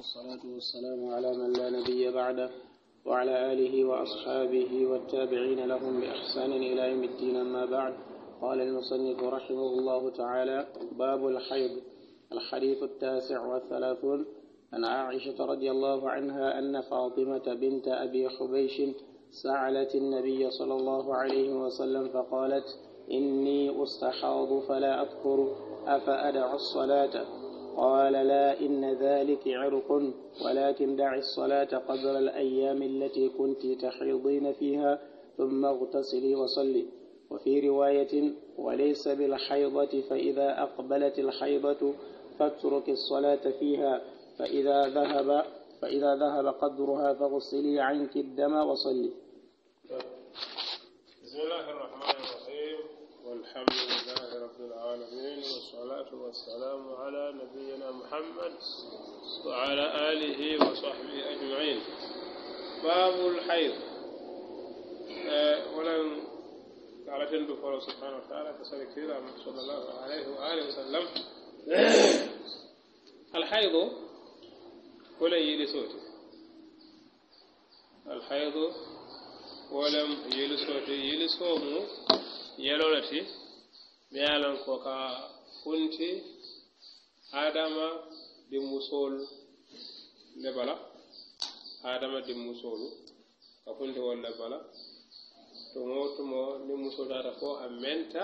والصلاة والسلام على من لا نبي بعده وعلى آله وأصحابه والتابعين لهم بإحسان إلى يوم الدين أما بعد قال المصنف رحمه الله تعالى باب الحيض الحديث التاسع والثلاثون عن عائشة رضي الله عنها أن فاطمة بنت أبي حبيش سألت النبي صلى الله عليه وسلم فقالت إني أستحاض فلا أذكر أفأدع الصلاة قال لا إن ذلك عرق ولكن دع الصلاة قدر الأيام التي كنت تحيضين فيها ثم اغتسلي وصلي وفي رواية وليس بالحيضة فإذا أقبلت الحيضة فاترك الصلاة فيها فإذا ذهب فإذا ذهب قدرها فاغسلي عنك الدم وصلي بسم الله الرحمن الرحيم والحمد لله رب العالمين والصلاة والسلام على نبينا محمد وعلى آله وصحبه أجمعين باب الحيض ولن تعرف الله سبحانه وتعالى كثيرا صلى الله عليه وآله وسلم الحيض يلي صوتي الحيض ولم يلي صومه yelo lati, ti me ye a loŋ ko ka kunti adama dimmusoolu le bala adama dimmusoolu ka kunti wolu le bala tumo tumo niŋ musoo taata fo a menta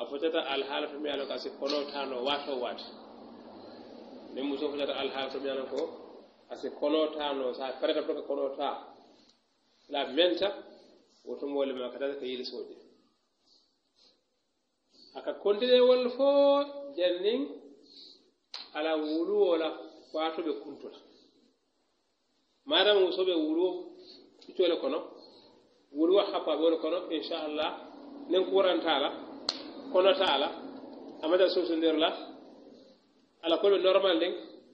a fotata alhaala to me ye a loŋ ko a si konoo taa noo waatoo waati niŋ musoo alhaala to me ye a loŋ ko a si kono taa sa a fereta pour kono konoo taa la menta wo tumoo le ma ka tata ka yilisoo je aka kontinewol fo jannin ala wuluwola watoɓe kuntula madam wusoɓe wuluwo cuole kono wuluwa hapaɓeole kono inchallah nin kurantala konotala amadan sosodirla ala koɓe normal ndin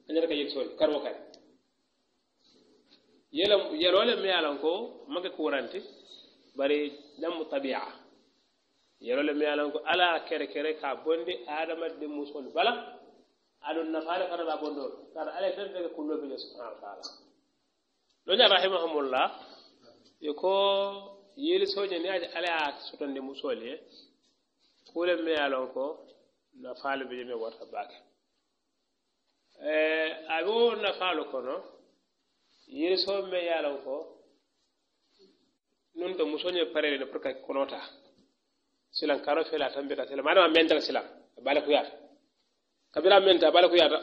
añataka yeksoje karwo kadi yelo yelole mialan ko make kuranti bari dammu tabia yerole meyalan ko ala kere kere ka bonde adama de musol bala aɗum nafaade kana ba bondol kata alay e fen fe ke kulloɓeje subhanahu wa taala loña rahimahumullah e ko yeli soje ni aji alay a sotonde musol he kuule meyalon ko nafaalo beje me warta baake awo nafaalo kono yeli so meyalon ko nun to musoñe parele ne pour ka konota silan karo fela tan beta sila madama men menta sila bala ku yata kabira menta bala ku yata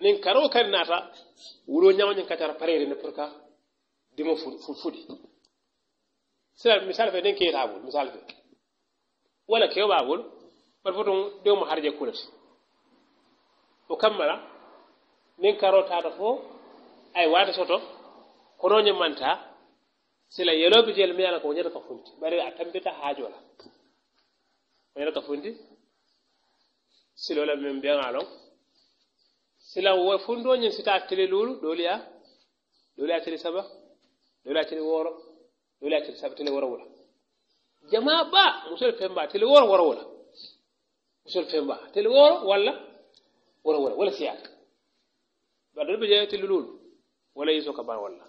nin karo kan nata wuro nyawo nyin katar parere ne purka dimo fudi sila misal fe den ke ta bul misal fe wala ke ba bul par fotum de mo harje kulat o kammala nin karo ta da fo ay wata soto kono nyimanta sila yelobe jel yana ko nyata ko funti bari a tambita hajola wayna ka fundi silola min mbiyaŋa loŋ silan wo fundo ñiŋ sita tili luulu doolu ya doolu ye tili saba doolu ye tili wooro doolu ye tili saba tili woro wala jamaa ba musolu pemba tili wooro woro wala musolu pemba tili wooro wala woro wala wala siyaata bari doolu be je tili luulu wala yiso ka baa walla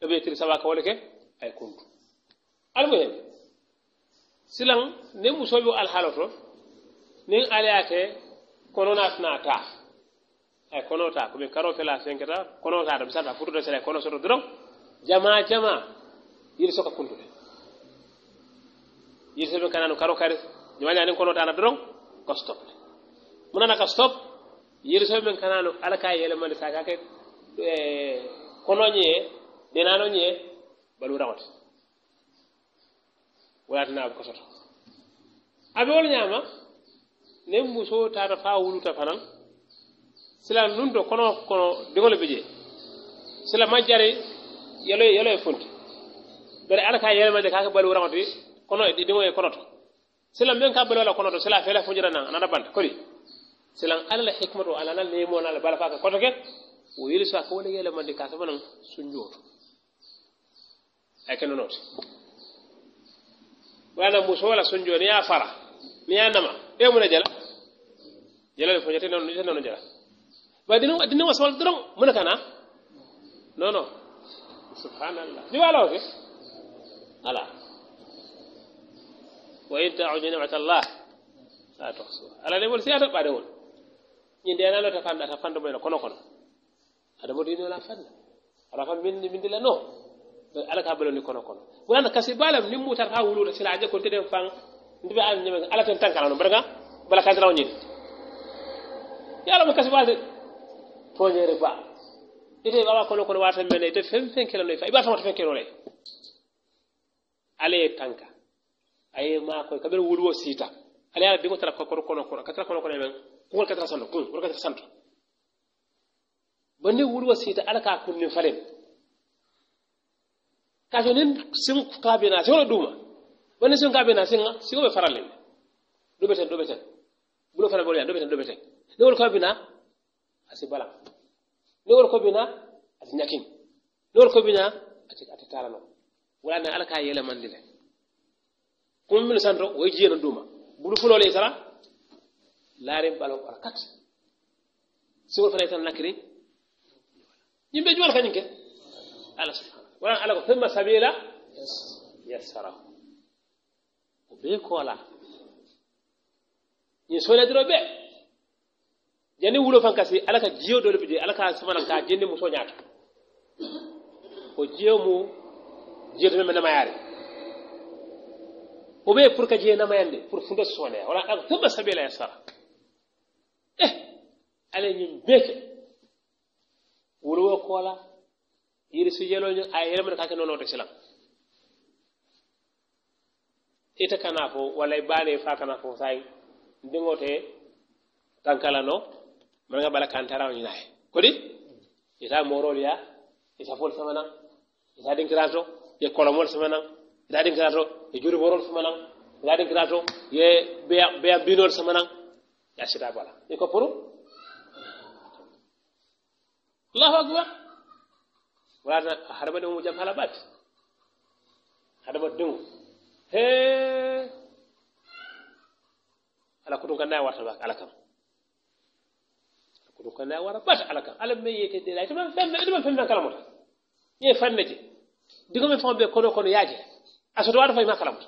do be tili saba ka wala ke ay kuntu almuhim silaŋ niŋ muso be alhaalo to niŋ ala ye ke kono naa tinaa taa a ye kono taa komi karoo fela a fenketa kono taa ta misali fututa sila ye kono soto doroŋ jamaa jamaa yiri soka kuntu le yiri sobe kana nu karo kari jamaa jamaa niŋ kono taa la doroŋ ka stop le mu nana ka stop yiri sobe meŋ kana nu ala ka yelemandi saa ka ke kono ñee denaano ñee baluuraŋo ti walatina aɓe ko soto aɓe wol ñaama nen muso tata fa wuluta fanan sila nun to kono kono diŋole be je sila majjari yelo yelo e funti bari ala ka yele majja kaka bali wuraŋo ti kono diŋo ye kono to sila meŋ ka bali wala kono to sila a fele fujira naŋ anata banta kodi silan ala la hikmato ala na nemo na la bala fa ka koto ke wo yeli so a ka wo le yelemandi ka sabanaŋ sunjoo to ay ke nonooti wala muso wala sonjo ni ya ah, fara ni ya nama e muna jala jala le fojate non jala non jala ba dinu dinu wasal dorong muna kana non non subhanallah ni wala ofe ala wa in ta'udu ni'matallah la tuhsuha ala ne wol siyata ba de wol ñinde ana lota fanda ta fanda moy kono kono ada dinu la fanda ala fam min min la no ala ka baloni kono kono wonana kasi balam ni mutar ha wuluta sila aje kon teden fang ndibe al ñeme ala tan tankala no barka bala ka kadiraw ñin yalamo kasi balde de re ba ite baba kono kono wata mene ite fem fem kelo noy fa iba famata fem kelo ala ale tanka aye makoy kaɓel wuluwo siita ala yala bingo tara ko kono kono katara kono kono men kugol katara sando ko wol katara santo bande wuluwo siita ala ka kunni falen kaso kasonin sin kabena siŋolo duma wani sin kabena siŋa siŋo be farale do be ten do be ten bulo fana bolo ya do be ten do be ten ni wol kabina asi bala ne wol kabina asi nyakin ne wol kabina ati ati tarano wala ne ala yele mandi le kum min santo way jiyeno duma bulu fulole sara lare balo ala kat siŋol fana tan nakri ñimbe juwal kañin ke ala subhanahu Quran ala ko thumma sabila yassarahu o bee koola ñin soñadiro bee janni wulo fan kasi ala ka jiyo dole bi je ala ka samana ka jenni muso ñaata o jiyo mu jiyo to meme namayaari o bee pour ka jiye namayande pour funta soneya wala ala ko thumma sabila yassara eh ala ñin bee ke wulowo koola yiri sujjelol ñin a yelemata kake nono to silam ita kana fo walla baane fa kana fo say ndiŋo te kankala no nga bala kantaraŋo ñinaye kodi ita morol ya ita fol famana ita kirato ye kolomol famana ita dinkirato ye juriborol famana ita dinkirato ye be binol famana ya sita bala ko puru allahu akbar wala harabaɗin mo jam halaɓat harabat ɗum he ala ko ɗum gannda warta bak ala kam ko ɗum wara bat ala kam ala me men de lay itoma femme dum femme men kalamota ye femme je digomen fama ɓe kono kono yaaje asoto waɗa fayma kalamota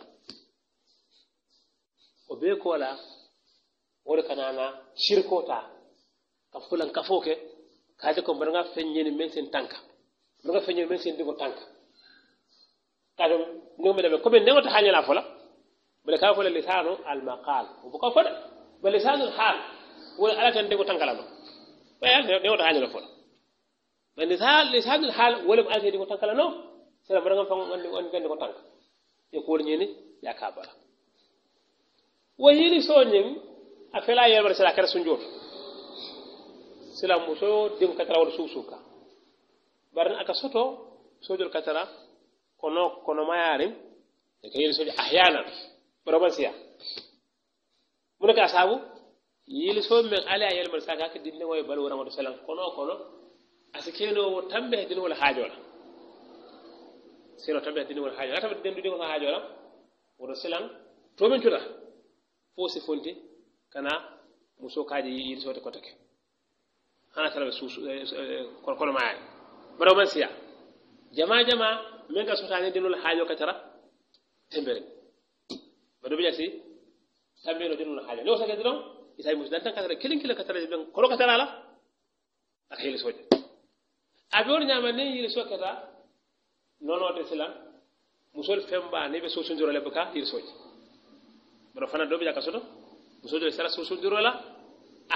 o be ɓe kola wole kanana shirkota ka fulan kafoke kaje ko mbaɗanga feññeni men sen tanka nga fa ñëw seen feñol men sen digo tanka kaɗum nomi ɗaɓe komin newta hañala fola bele ka fola lisanu almaqal fa foda ba lisanu lhal wona ala tan digo tankalano ɓayal newta fa la ba lisanu lhal wolem ala tan digo nga sela mbaɗa gam fan gandi ko tanka e kuwol ñini ya kabala wo yili soñin a fela yelbata sela kata sunjooto sila muso dim katara wala suusuka barna aka soto sojol katara kono kono mayarin e kayel soji ahyana probansiya mun ka sabu yili so men ala yel mar saka ka dinne way bal wona sallam kono kono asikeno tambe dinne wala hajola sino tambe dinne wala hajola tambe dinne dinne wala hajola wona sallam to men cuta fo fonti kana muso kaji yili sote kotake hana tala susu kono mayarin bara man siya jama jama men ka sotani dinol haajo katara tembere baɗo ɓeƴa si tambeno dinol haajo lewo sake dinon isay musdan tan katara kilin kila katara ɓen kolo katara ala aka hili soje aɓe on ñama nen yiri so keta nonode silan musol femba ni ɓe sosundirole baka yiri soje baɗo fana doɓeƴa ka soto musojo sara sosundirola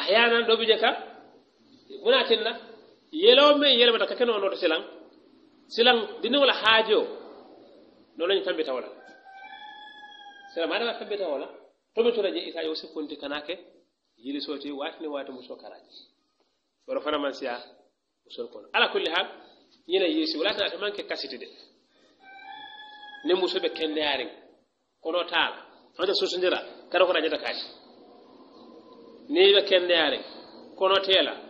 ahyanan doɓeje ka munatinna yelo me yelo mata kakeno no silang silang dinu wala hajo no lañu tambita wala sila madama tambita to tomi tora je isa yo sikkunti kanake yili soti watni wati muso karaji wala fana man siya musol kono ala kulli hal yina yesi wala man ke kasiti de ne muso be kendeyarin kono taala anta susundira kara ko rajata kaaji ne be kendeyarin kono teela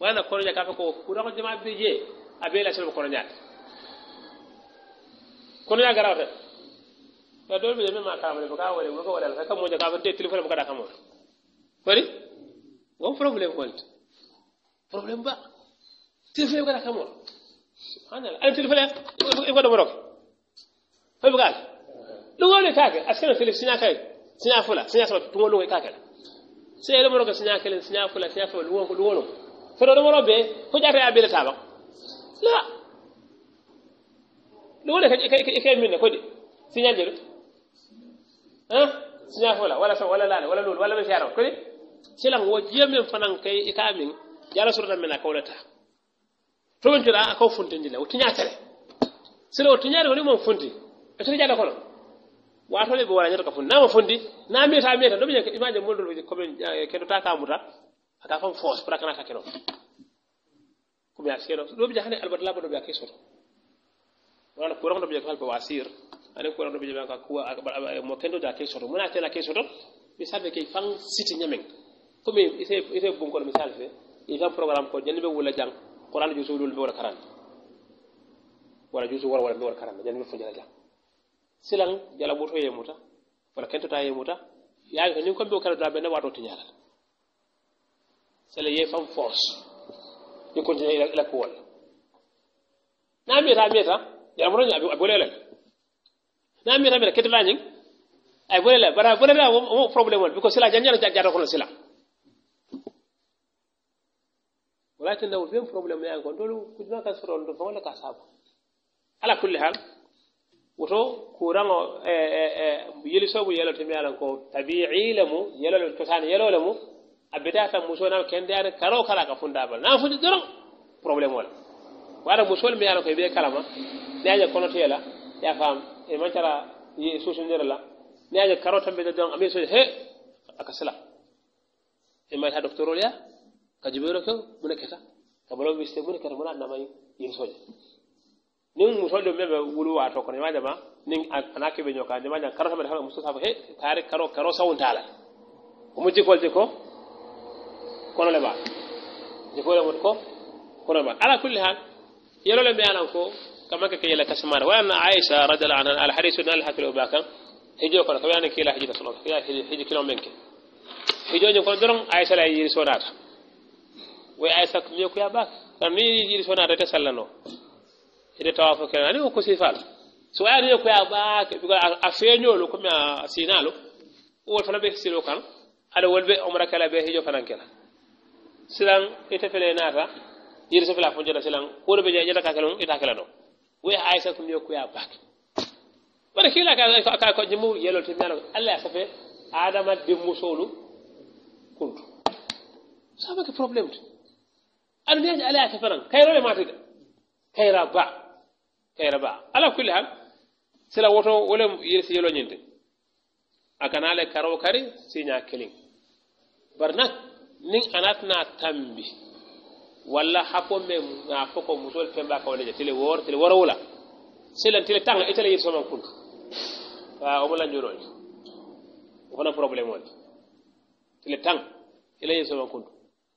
wala koronya ka ko kura ko jama bi je abe la sel koronya koronya gara fa da dole be ma ka amale ka wale ko wala ka mo ka te telefon ka da kamo bari wo problem ko problem ba telefon ka da kamo subhanallah al telefon ko do morok fa bu gal lu ngole kake askana telefon sina kay sina fula sina so tungo lu kake sey le morok sina kelen sina fula sina fula lu ngolo فرد مربي هو جاء أبيل تابع لا لولا كي كي كي منا كودي سينال جلو ها سينال ولا ولا سو ولا لا ولا لول ولا بشارة كودي سيلا هو جيم من فنان كي كامين جالا سورة منا كولتا فمن جرا أكو فنتين جلا وتنيا ترى سيلا وتنيا ولا مم فنتي أشوف جالا كلام وأتولي بوانا جرا كفن نام فنتي نام يسامي هذا دوبي إمام جمول دوبي كمن كنوتا كامورا aka fam fos para kana ka keno ko be asiro do be jahane albat labo do be akiso wala ko rondo be ko alba wasir ani ko rondo be be ka kuwa mo kendo da akiso mo na tela akiso mi sabe ke fang siti nyamen ko mi ise ise bon ko misal fe e fam programme ko jenbe wala jang qur'an jusu dul be wala karan wala jusu wala wala be wala karan jenbe fo jala jang silang jala boto yemuta wala kento ta yemuta yaa ko ni ko be ko da be na wato tinyala c'est fan force i la ko kuwol na mi mi ta miyata miyata yaramoto bo lele na mi mi miyata miyata ketelañing ay bo lele bara bo lele mo probléme ol biko sila janñana jata kono sila wala walakin nawol fen probléme yan kon tolu kudima ka sorol do fawla ka sabo ala kulli hal woto ko e e e yeli sobu yelo mi ala ko tabi'i lamu yelo to tan yelo lamu a betata muso na kende ana karo kala ka funda bal na fundi doron problème wala wala muso mi yalo ko be kalama ne aje kono tela ya fam e man tara ye susu nderla ne aje karo tambe don amé so he akasala e man ha docteur ya ka jibero ko mun keta ka bolo mi mun keta mun na may yin soje nin muso do mebe wulu wa to kono ma nin anake be nyoka ne ma karo tambe muso sa he tare karo karo sawun tala ko mu jikol ko kono le maa ni fo le mun ko kono le maa ala kulli hal yelo le mbe anan ko kama ke yela kasmara wa anna aisha radhiyallahu anha al hadithu nal hakilo bakan hijo kono ko yani kila hijita solo ya hiji kilo menke hijo nyon kono doron aisha la yiri sonata way aisha ko mi ko ya bak tan ni yiri sonata te sallano ede tawafo kena ni ko sifal so ya ni ko ya bak a feñolo ko mi a sinalo wol fana be silo kan ala wol be umra kala be hijo fanan kala silan ita fele nata yiri sefela fo jota silan kuwoɗo ɓe jeta ka kelon ita kela ɗo woya aysa tum yo kuya bak bare kila ka ko jimu yelo tinnano allah ya safe adama dimmusolu kuntu problem to an aduniyaji allah ya rawe ma tida kayra ba kayra ba ala kulli hal sila woto wolem yirsi yelo a kana le karo kari sinya kelin barnak ni ana tɛna tambi wala hapo me a fo ko musol femba ka wala tele wor tele woro wala selan tele tanga itele yir sama kun wa o mala njurol o fana problem wala tele tang ile yir sama kun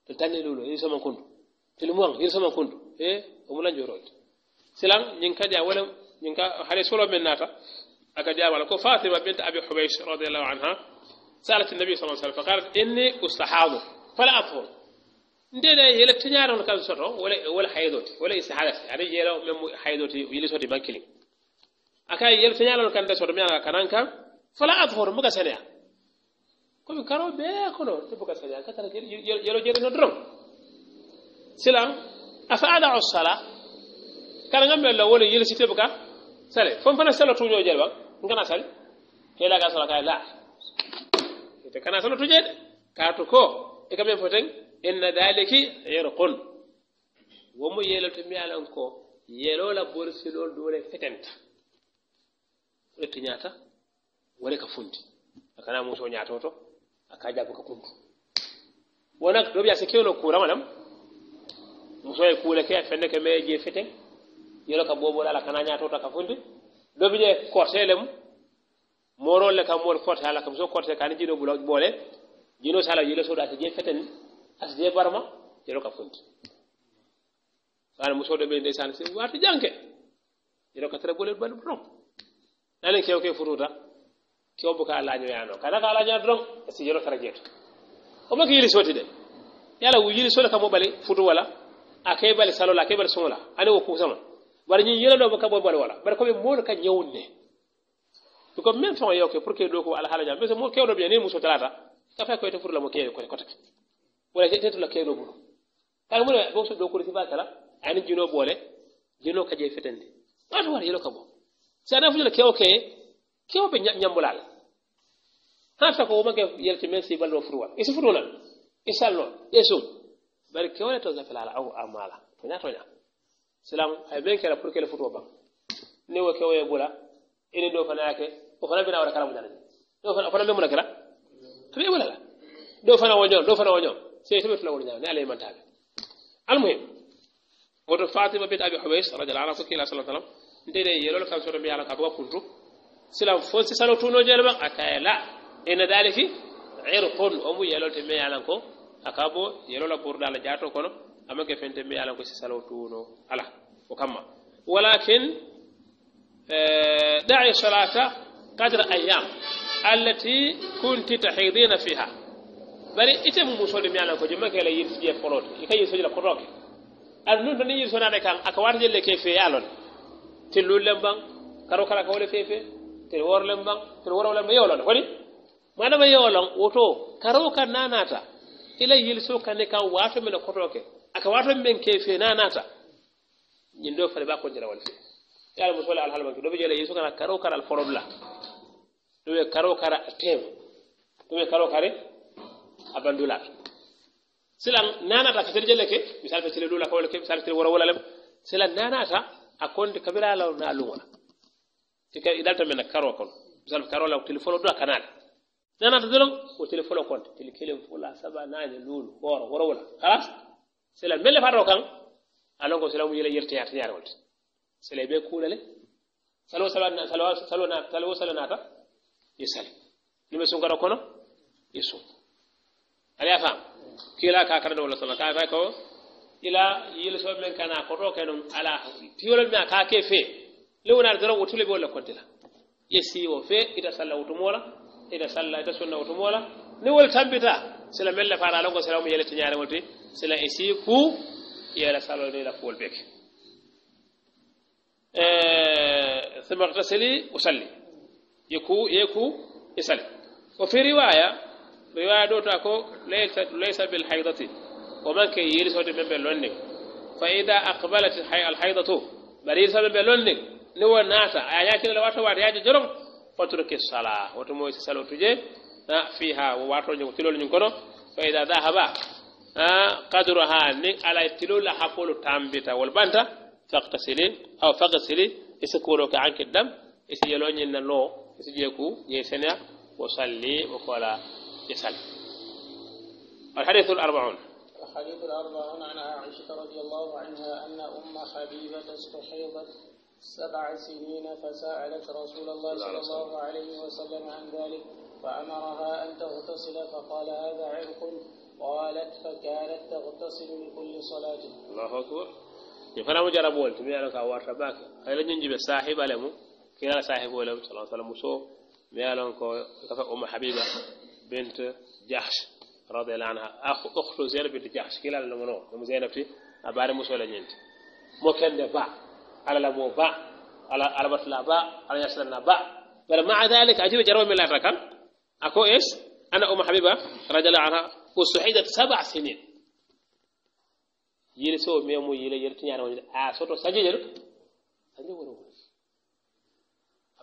tele tanne lulu yir sama kun tele muang yir sama kun eh o mala njurol selan nyin kadi a wala nyin ka hare solo men nata aka wala ko fatima bint abi hubaysh radiyallahu anha سألت النبي صلى الله عليه وسلم فقالت إني أستحاض فلا أفور ndene yele tiñaaron kan soto wala wala haydoti wala istihalati aɗa yeelo même haydoti yilisoti bankilin akay yele tiñaaron kan de soto mi aga kanan kan fala adhor muga saneya komi karo bee kono te buga saneya katara yelo jerino doron silan afa adau sala kana ngam mella wala yilisite buga sale fon fana salo tuñoo jel ba ngana sali kelaga sala kay la ite kana salo tuñeede kaatu ko e kam en foten inna daliki yero kon womo yeelol to mbiyalan ko yeelola borsilol dure fetenta ɗetto ñaata wone ka fundi akana muso ñaatoto aka jabbo ka kuntu wonak ɗo mbiyaa so kewno kura madam muso e kuule ke fende ke maye jee feten yelo ka boobol ala kana ñaatoto ka fundi ɗo biƴe kotele mu morolle kam mor kote ala kam so kote kani jino bula boole jelo sala jelo soɗo ata je feten asde barma jelo ka funti ana musoɗo ɓe ndeysan si warta janke jelo ka tara golel balɗum ɗon nanen kew ke fututa kewbo ka alañoyano kana ka alañoya ɗon si jelo tara jeeto omo ko yili soti de yala yili sola kamo ɓale futu wala a kay ɓale salola a kay ɓale soŋola ani wo kusama bara ñin yelo ɗomo kamo ɓale wala bara koɓe moolu ka ñawunne ko même feŋo yewke pour que ɗo ko alhaala jam mais mo kewɗo ɓe ni muso talata safa ko to furla mo keyo ko ko tak wala te to la keyo bu tan mo bo so do ko ti bakala ani jino bole jino ka je fetende ma to wala yelo ka bo sana fu la keyo ke keyo be nyambulal ha sa ko mo ke yelti mesi ballo furwa isi furwa isallo yeso bari keyo le to zafala au amala ina to nya silam ay ben kala pour kala futwa ba ne wo kewo e bula ene do fana yake o fana bina wala kala mudana do fana fana be mun kala تبي ولا لا دو فنا وجو دو فنا وجو سي سي فلا ورنا نعم، علي نعم، ما تابع المهم ود فاطمه بنت ابي حويس رضي الله عنها صلى الله عليه وسلم انت دي يلو كان سوره بيالا كابو كنتو سلا فوسي سالو تو نو جيل با اكاي لا ان ذلك عرق ابو يلو تي ميالا كو اكابو يلو لا بور دال جاتو كونو اما كي فنت ميالا كو سالو تو نو الا وكما ولكن آه، دعي صلاه قدر ايام allati kunti tahidina fiha bari ite mu musole mi ala ko jumma kala yirsije folote ika yirsije la koroke ar nun tan yirso na kan aka wata jelle ke fe yalon te lullem bang karo kala ka wole fefe te worlem bang te worolem be yolon woni manama yolon woto karo kan nanata ila yilso kan kan wato mi la koroke aka wato men ke fe nanata nyindo fale ba ko jira wal fe yalla musole al halban do be jelle yiso kana karo kala al forobla ɗum e karo kara teewo ɗum e karo kare abandulaɓe silan nanata ka tere jelle ke misal fe lula kawle ke misal fe wora wala lem silan nanata a konde kabira law na lumola tika idalta men karo kon misal karo law tele folo do kanada nanata dolon o tele folo konde kele fula saba nane lulu wora wora wala khalas silan melle faro kan alon ko silan mu yele yerte yata yaar wolte sele be kulale salo salo salo salo na salo salo nata يسال لما سون كذا كنا يسون هل يفهم كلا كاكر دولة صلى الله عليه وسلم إلى يلسوا من كان أقرأ كنم على تيول من كاكي في لو نردنا وطول بولا كنتلا يسي وفي إذا صلى وتمولا إذا صلى إذا سنة وتمولا نقول تنبتا سلا من لفعل لكم سلا ومي يلتني على سلا يسي كو يلا صلى الله آه، عليه وسلم ثم اغتسلي وصلي يكو يكو يسال وفي رواية رواية دوتا كو ليس ليس بالحيضة وما كي يرسل من بلونك فإذا أقبلت الحيضة بل يرسل من بلونك نوى الناس أياكل الواتو واتياج جرم فترك الصلاة وتمو يسال وتجي فيها وواتو نيكتلو نيكونو فإذا ذهب قدرها على التلول لحفول تامبتا والبانتا فاقتسلين أو فاقتسلين يسكولوك عنك الدم يسيلوني النلو يسجيكو يسنع وصلي وقال يسال الحديث الأربعون الحديث الأربعون عن عائشة رضي الله عنها أن أم حبيبة استحيضت سبع سنين فسألت رسول الله صلى الله عليه وسلم عن ذلك فأمرها أن تغتسل فقال هذا عرق قالت فكانت تغتسل لكل صلاة الله أكبر يفرم جربوا أنتم يعلمك أوار رباك هل نجيب الساحب لهم كنا صاحب ولو صلى الله عليه وسلم مسو ميالون كو أم حبيبة بنت جحش رضي الله عنها أخ أخت زينب بنت جحش كلا منو ام زينب تي أبار مسو لنينت مو كان با على لمو با على على بس با على يسلنا با بل مع ذلك عجيب جرو من الركن أكو إيش أنا أم حبيبة رضي الله عنها وسعيدت سبع سنين يلسو ميمو يلي يلتني أنا وجد آه سوتو سجل سجل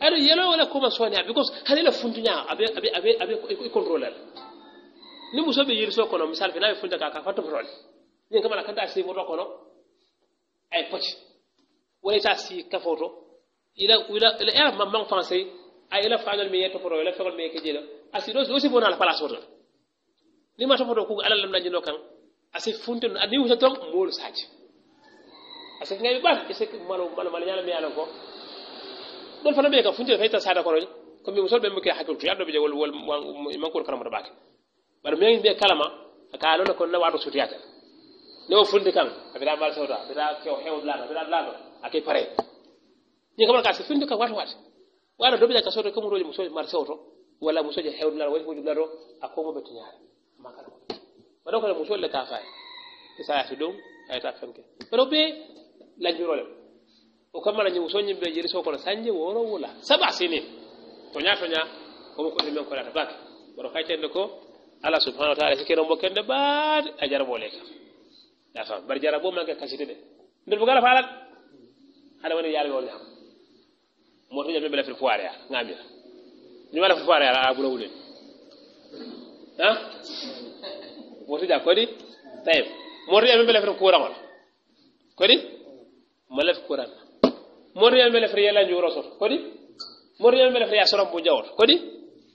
aɗa yelo wala commencewani a because hanela funtuña aɓe aɓe aɓe aɓe contrôle ala ni muso ɓe yiriso kono misal fe naɓe funta ka ka fattopotole nin kamala kanta a sifoto kono ay poti wala ita si kafoto ila ila ila era mamman français a ila fañol mi ye topoto ila fegol mi ye kejela asi ɗo ɗo sifona ala place oto ni ma topoto kuga ala lamnañino kan asi funte ni wusa ton moolu saji asi ngaɓe ɓan ese malo malo malo ñala mi yalan ko ɗon fana ɓe kam funtere fayta saada kono je komi musol ɓe mboke hakkiltu yaɗɗo ɓe je wol mankol karamoto baake mbaɗa miyaŋi mbiye kalama aka lona kon na wato sutiyata ne o funti kan abiɗa mbal sewta abiɗa kew hew lano abiɗa lano akay pare ñi kamata ka si funti kan wato wata wala doɓita ka soto kamuroje musoje mbar sewto walla musoje hewde lano woni fof jumlato a komoɓe tiñaare ma kala mbaɗo kono musol le ka faye e sa yati ɗum ayata fenke mbaɗo ɓe lañjurolem o kammala ñi so ñimɓe jiri so kono sañje woro wula saba sinin toña toña komo kote men koɗata bake woto kaytende ko ala subhanau wa taala sikkeno mbo kende baade a jarabole kam ya fam mbaɗa jarabo manke kasite ɗe nder fogala falat haɗa woni yaare wol ñam moto ñam ɓe lafir foire ya gamira ñuma lafir foire ya a ɓuura wulen a motoja kodi tayib moto ñam ɓe lafir kuurangol kodi ma lafi kuuranna moriyal ملف fere yela njuro soto kodi ملف mele fere ya sorom bu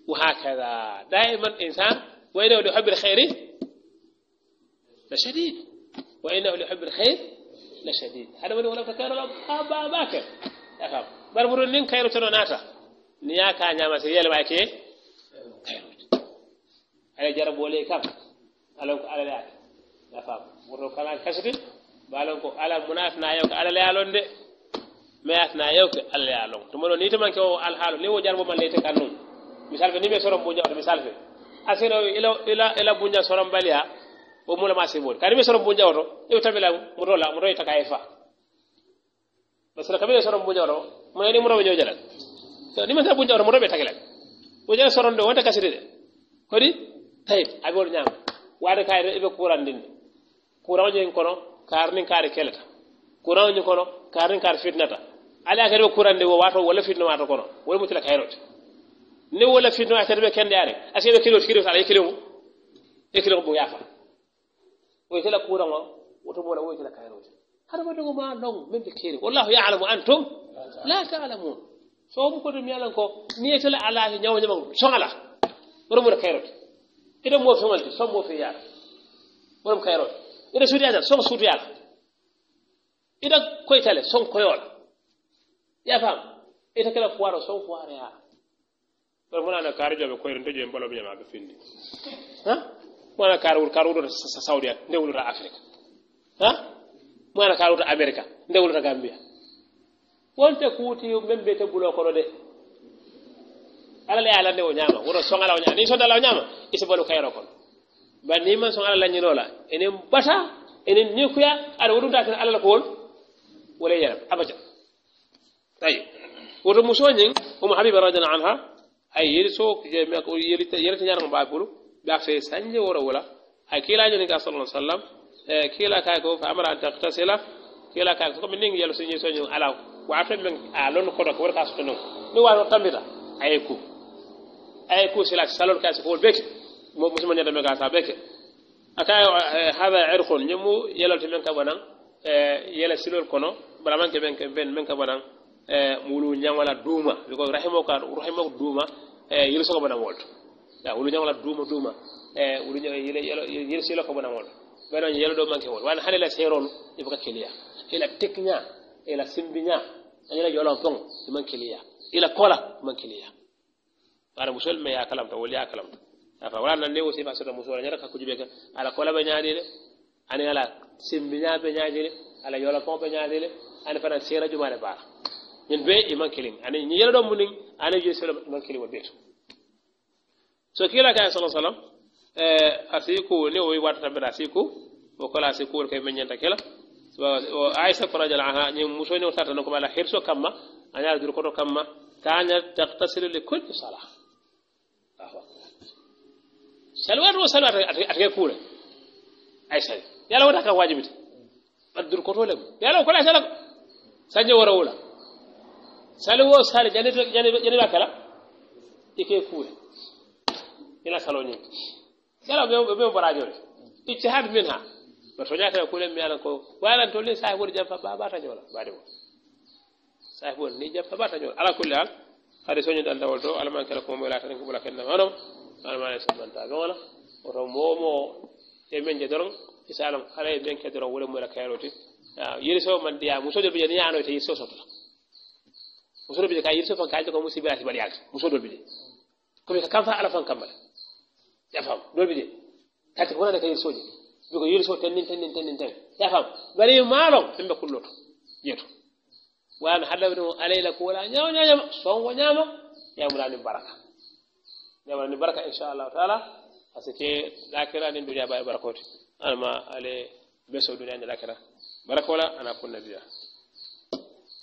وهكذا دائما انسان وإنه لحب الخير لشديد وإنه لحب الخير لشديد هذا من ولو تكان أبا باكر اخاف بربرون نين كيرو تنو ناتا نياكا نياما سيال باكي على جرب ولي كم على على لا اخاف ورو كان كسر بالونكو على مناف نايوك على لا لوندي mais na yow ke allah ya lon tuma ɗon ni tamanke o alhaalo ni wo jarbo malleyte kan nun misal fe ni be soro buña oto misal fe asino ila ila ila buña soro mbalia o mulama sibode kadi ɓe soron buña oto iw tabila mutola mutoy taka e fa par ce que soro soron buña oto munayi ni mutoɓe jala jalal ni masa buña oto mutoɓe tagilal o jala soron de wonta kasiri de kodi tayib aɓeol ñama waade kayre eɓe kurandinde kuran ñin kono kaarnin kaari keleta kuran ñin kono kaarnin kar fitnata ala kadi o kurande o wato walla finnomato kono wala mutila kayrote ne wala finno a tati ɓe kende are a seɓe kilo tikiri tala yekkilin o yekkilin o boyafa woytela kuran o woto mola woytela kayrote haɗa ma dogo ma non min ɓe keeri wallahu yalamu antum la talamun somu koto mi alan ko niyetela alaake ñawoñaman soŋala woto mona kayrote eɗen mo feŋolte son mo fe yaala wotom kayrote ina suudu yaata son suudu yaala ina koytale son koyola yafam ita kala fuwaro son fuware ya ɗon wonano kaari joɓe koyren to joyi mbolomi ñamaɓe finndi ha wona kaari wuro kaari wuɗota saudi a nde wuɗota afrique ha wona kaari wuɗota américa nde wuɗota gambia wonte kuuti men mbiyete bulo kono de alala e alande o ñaama woto soŋala o ñaama ni sodala o ñaama isi balu kayro kono bari ni man soŋala lañinola enen bata enen nikuya aɗa woɗumta kene alala ko won wala yaram abajan طيب ورمو سوين أم حبيبة رضي الله عنها أي يرسو يرسو نيارن بابولو بأكسي سنجي ورولا أي كيلا جنك صلى الله عليه وسلم كيلا كاكو فأمر أن تغتسل كيلا كاكو من نين يلو سنجي سوين على وعفن من ألون خدك ورقا سنو نوالو تنبدا أي كو أي كو سلاك سالون كاسي فول بيكي مسلمان يدمي كاسا بيكي أكاي هذا عرق نمو يلو تمنك بنا يلا سلول كونو برا منك بنك بن منك بنا Eh, mulu ñaŋola duuma because rahimo ka rahimo duuma eh, yelo sogo bona wolto wulu duma duuma duuma eh, wulu yele sila ko bana wolto bana yele do manke wol wana halela seron i foka kelia ila teknya ila simbinya ila añela yolon poŋ manke kiliya ila kola manke kiliya ara musul me ya kalam to wol ya kalam afa wala nan ne wosi fasota musul nyara ka kujube ka ala kola be ñaadi de ani ala simbinya be ñaadi de ala yolon poŋ be ñaadi de ani fana seera jumaade baara ñin be iman kilin ani ñi yela ɗo munin ani je selo iman kilin wol ɓeeto so kila kaye sala sallam asiku ni o wattata mbeɗa asiku o kola asikuwol kay meññanta kela o aissa ko radial anha ñin musoni o tatano komi ala hirso kamma a ñaala dur koto kamma tañal taktasilu li kulli sala salwat o salwat atake kuure aysa yala wota kam wajibite ɓat dur koto lem yala o kola sala sañe wora wula sali wo sali janiba kala ike fuule ina saloñin yala ɓe barajole ijtihad min ha no toñata kulen mi alan ko walan tolni sahi woni jam fa babatañola baɗi o sahi woni ni jam fa batañola ala kulle al hade soñide aldawol to alaman kala komo welata tan ko ɓola kendama onom alamane summantaɓe ona oto momo e men je doron isalam kala e men ke doron wole muyla kayroti yeri so man ndiya musojo ɓe je ni yanoyte yir so sotota muso dɔ bɛ ka yiriso fan k'a jɔ ka muso bila sibali yaki muso dɔ bɛ de komi ka kan fa ala fan kama ya fam dɔ bɛ de ka tɛ wala ka yiriso de bi ko yiriso tan nin tan nin tan nin tan ya fam bari maalo min bɛ kullo to yeto wan hada bi no alayla ko wala nyaaw nyaama songo nyaama ya mula ni baraka ya mula ni baraka insha Allah taala asike lakira ni duniya ba barakoti alma ale beso duniya ni lakira barakola ana kunna biya